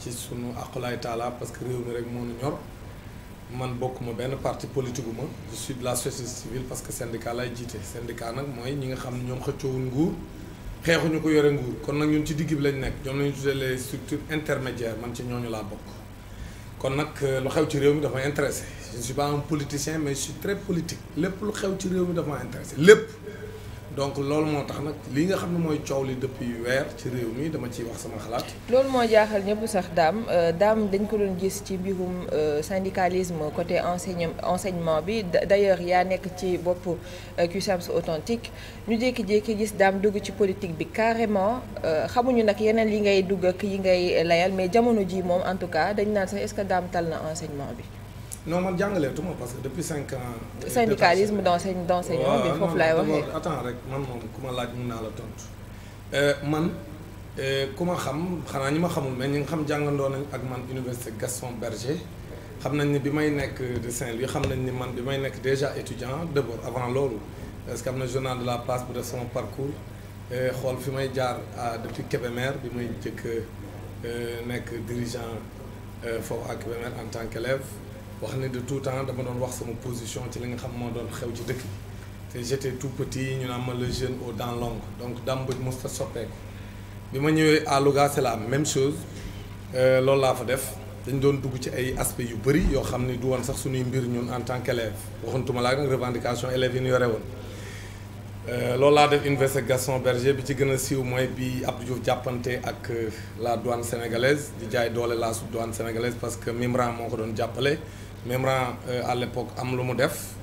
ci suñu sunu aqulaay taala parce que réew mi rek moom nu ñor man bokk bokkuma benn parti politique ma je suis de la société civile parce que syndicat lay jiite syndicat nag mooy ñi nga xam ne ñoom xëccoowul nguur xeexuñu ko yore nguur kon nag ñun ci digg bi lañ nekk ñoom lañu tuddee les structures intermédiaires man ci ñooñu laa bokk kon nag euh, lu xew ci réew mi dafa intéressé je ne suis pas un politicien mais je suis politique lépp lu xew ci réew mi dafa intéressé lépp donc loolu moo tax nag li nga xam ne mooy coow li depuis weer ci réew mi dama ciy wax sama xalaat. loolu moo jaaxal ñëpp sax daam euh, daam dañ ko doon gis ci mbirum euh, syndicalisme côté enseigne enseignement bi d'ailleurs yaa nekk ci bopp CUSEMS euh, authentique ñu jékki-jékki gis daam dugg ci politique bi carrément xamuñu nag yeneen yi ngay dugg ak yi ngay layal mais jamono ji moom en tout cas dañ naan sax est-ce que daam tal na enseignement bi. non man jàngaleetuma parce que depuis cinq ans. Euh, syndicalisme d'enseignant d'enseignant bi foofu laay waxee attends rek man moom ku ma laaj mun naa la tontu euh, man euh, ku ma xam xanaa ñi ma xamul mais ñi nga xam jàngandoo nañ ak man université Gaston Berger xam nañ ni bi may nekk de Saint-Louis xam nañ ni man bi may nekk déjà étudiant d'abord avant loolu parce que am na journal de la place bu def sama parcours xool fi may jaar depuis Kébémer bi may jëkk nekk dirigeant foofu ak Kébémer en tant wax ne de tout temps dama doon wax sama position ci li nga xam moo doon xew ci dëkk bi te j'étais tout petit ñu naan ma le jeune au dans longues donc Dame Mbodj mos fa soppeeku bi ma ñëwee à Louga c'est la même chose euh, loolu laa fa def dañ doon dugg ci ay aspects yu bëri yoo xam ne du woon sax suñuy mbir ñun en tant qu'élève waxuntuma laa nag revendication élèves yi ñu yore woon euh, loolu laa def université Gaston Berger bi ci gën a siiw mooy bi Abdou Diouf jàppante ak euh, la douane sénégalaise di jaay doole la douane sénégalaise parce que Mimran moo ko doon jàppale Memran euh, à l'époque am lu mu def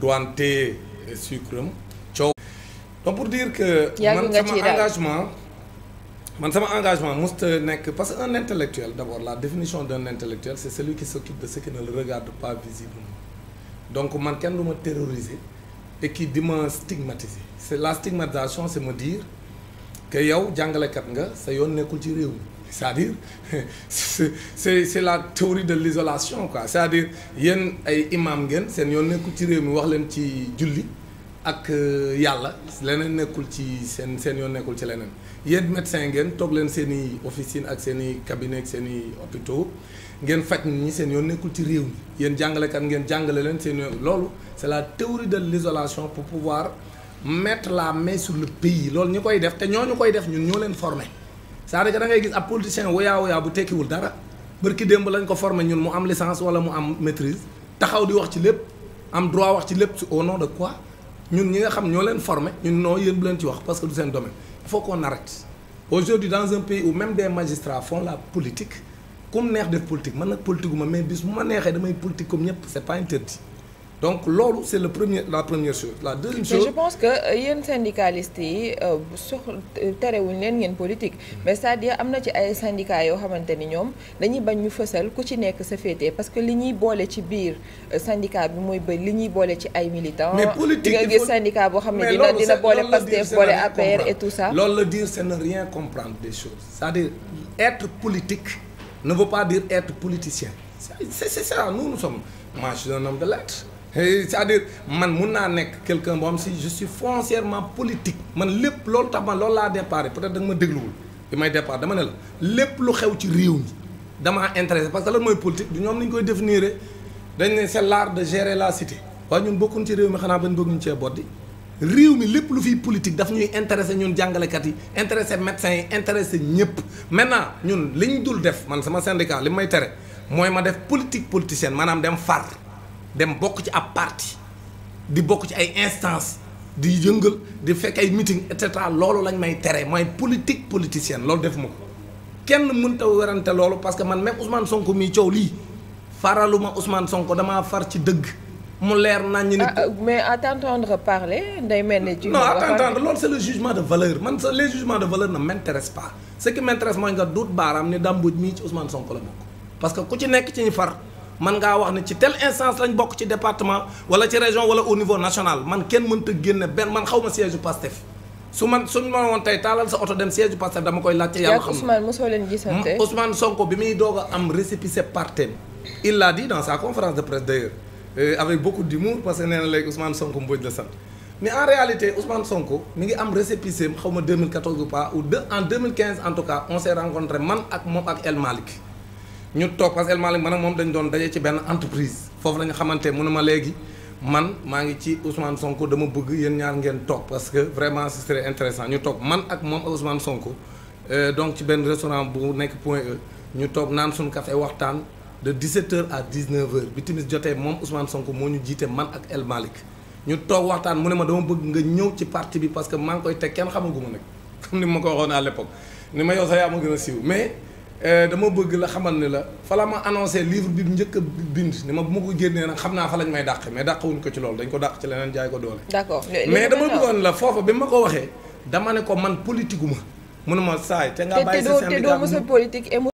douane téye euh, am coow. donc pour dire que. man sama engagement. man sama engagement musta nekk parce que un intellectuel d'abord la définition d'un intellectuel c'est celui qui s'occupe de ce qui ne le regarde donc man kenn du ma terroriser et qui di ma stigmatiser c'est la stigmatisation c'est me dire que yow jàngalekat nga sa yoon nekkul ci réew mi c'est-à-dire c'est la théorie de l'isolation quoi cest dire yéen ay imam ngeen seen yoon nekkul ci réew mi wax leen ci julli ak euh, yàlla leneen nekkul ci seen seen yoon nekkul ci leneen yéen médecin ngeen toog leen seen i officine ak seen i cabinet ak seen i hôpitaux ngeen faj nit ñi seen yoon nekkul ci réew mi yéen jàngalekat ngeen jàngale leen seen yoon loolu c'est la théorie de l'isolation pour pouvoir mettre la mais sur le pays loolu ñu koy def te ñooñu koy def ñun ñoo leen former c'est-à-dire da ngay gis ab politicien woyaa woyaa bu tekkiwul dara bërki démb lañ ko formé ñun mu am lissance wala mu am maîtrise taxaw di wax ci lépp am droit wax ci lépp au nom de quoi ñun ñi nga xam ñoo leen formé ñun noo yéen bu leen ci wax parce que du seen domaine il faut qu'on arrête aujourd'hui dans un pays où même des magistrats font la politique ku neex def politique man nag politique ma mais bis bu ma neexee damay politique comme ñëpp c'est pas interdit donc loolu c'est le premier la première chose la deuxième chose. mais je pense que euh, yéen syndicalistes yi euh, sur euh, terewuñ leen ngeen politique mais cest dire am na ci ay syndicats yoo xamante ni ñoom dañuy bañ ñu fësal ku ci nekk sa féetee parce que li ñuy boole ci biir syndicat bi mooy bëri li ñuy boole ci ay militants. mais politique nga gis boo xam ne dina dina boole PASTEF boole APR et tout ça. loolu la dire c'est ne rien comprendre des choses c'est-à-dire être politique ne veut pas dire être politicien c'est ça nous nous cest à man mun naa nekk quelqu'un boo si je foncièrement politique man lépp loolu tax man loolu laa déparé peut-être da nga ma dégluwul bi may départ dama ne la lépp lu xew ci réew mi damaa intéressé parce que lan mooy politique du ñoom ni ñu koy définir dañ ne c'est l'art de gérer la cité waaye ñun bokkuñ ci réew mi xanaa bañ bëgg ñu cee boddi réew mi lépp lu fiy politique daf ñuy intéressé ñun jàngalekat yi intéressé médecins yi intéressé ñëpp maintenant ñun li ñu dul def man sama syndicat li may tere mooy ma def politique politicienne maanaam dem far dem bokk ci ab parti di bokk ci ay instance di yëngal di fekk ay meeting et loolu lañ may tere mooy politique politicienne loolu def ma ko kenn mënta werante loolu parce que man même Ousmane sonk mii coow lii faraluma Ousmane Sonko damaa far ci dëgg mu leer nañ ni. Ah, ah, mais à t'entendre parler day mel ni. non à t'entendre loolu c'est le jugement de valeur man sa les jugements de valeur ne m'intéresse pas ce qui m'intéresse mooy nga duut baaraam ni Dame mii ci Ousmane Sonko la bokk parce que ku man ngaa wax ne ci tel instance lañ bokk ci département wala ci région wala au niveau national man kenn mënta génne benn man xaw ma siège Pastef su man suñ ma tey taalal sa oto dem siège Pastef dama koy laajte yàlla xam Ousmane mosoo leen gisante mm, Ousmane am récépissé partem il l'a dit dans sa conférence de euh, que nee na léegi Ousmane Sonko Mbodj mais en réalité Ousmane Sonko mi ngi am récépissé xaw ma 2014 en 2015 en tout cas man ak moom ak El Malick ñu toog parce que El Malick man ak moom dañu doon daje ci benn entreprise foofu la ñu xamante mu ne ma léegi man maa ngi ci Ousmane Sonko dama bëgg yéen ñaar ngeen toog parce que vraiment ce serait intéressant ñu toog man ak moom Ousmane Sonko euh, donc ci benn restaurant bu nekk Point E ñu toog naan suñu café waxtaan de 17h à 19h bi timis jotee moom Ousmane Sonko moo ñu jiite man ak El Malick ñu toog waxtaan mu ne ma dama bëgg nga ñëw ci parti bi parce que maa ngi koy teg kenn xamaguma nag comme ma ko waxoon à l'époque ni ma yow mais. Euh, dama bëgg la xamal ne la fa la ma annoncé livre bi njëkk a bind ne ma bu ma ko génnee nag xam naa fa lañ may dàq mais dàqwuñ ko ci loolu dañ ko dàq ci leneen jaay ko doole. d'accord mais dama bëggoon la foofa bi ma ko waxee dama ne ko man politique gu ma saay. te nga bàyyi sa syndicat te doo te doo mos